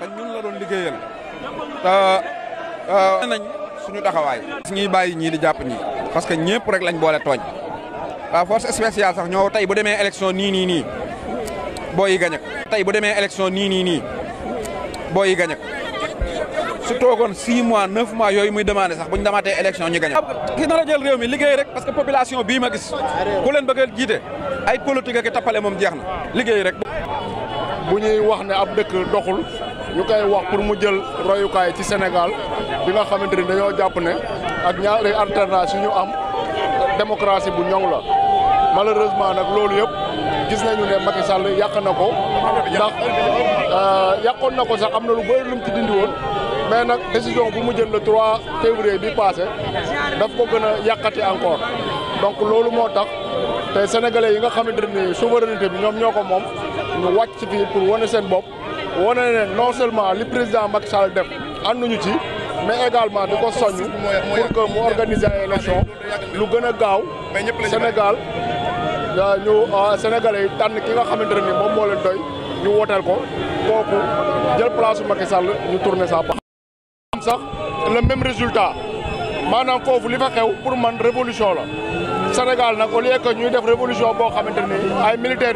te ñun la doon liggéeyal te euh, nañ suñu taxawaay. ñuy bàyyi ñii di jàpp ñii parce que ñëpp rek lañ boole tooñ waaw force spéciale sax ñoo tey bu demee élection nii nii nii booy yi tey bu demee élection nii nii nii booy yi gañe ko su toogoon 6 mois 9 mois yooyu muy demandé sax bu ñu demaatee élection ñu gañe ko. ki nar a jël réew mi liggéey rek parce que population bii ma gis ku leen bëgg a jiite ay politique ak i tappale moom jeex na liggéey rek. bu ñuy wax ne ab dëkk doxul. ñu koy wax pour mu jël royukaay ci Sénégal bi nga xamante ni dañoo jàpp ne ak ñaari alternance yu ñu am démocratie bu ñoŋ la malheureusement nag loolu yëpp gis nañu ne Macky Sall yàq na ko ndax euh, yàqoon na ko sax am na lu bëri lu ci dindi woon mais nag décision bu mu jël le 3 février bi passé daf ko gën a yàqati encore donc loolu moo tax te sénégalais yi nga xamante ni souveraineté bi ñoom ñoo ko moom ñu wàcc fii pour wane seen bopp wane ne non seulement li président Macky Sall def ñu ci mais également di ko soññ pour que mu organiser ay lu gën a gaaw Sénégal ñu ah, Sénégalais yi tànn ki nga xamante ne ni moom moo leen doy ñu wooteel ko kooku jël place Macky Sall ñu tourner sa baax am sax le li fa xew pour man révolution la Sénégal nag au lieu que ñuy def révolution boo xamante ni ay militaires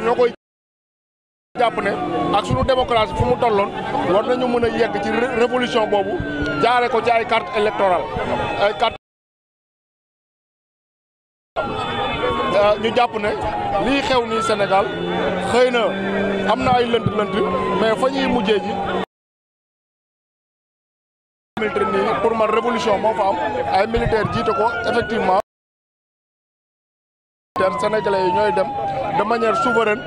jàpp ne ak sunu démocratie fu mu tolloon war nañu mën a yegg ci révolution boobu jaare ko ci ay carte électorale ay carte euh, ñu jàpp ne lii xew nii Sénégal xëy na am na ay lënt-lënt mais fa ñuy mujjee pour ma révolution moo fa am ay militaire jiite ko effectivement militaire sénégalais yi ñooy dem de manière souveraine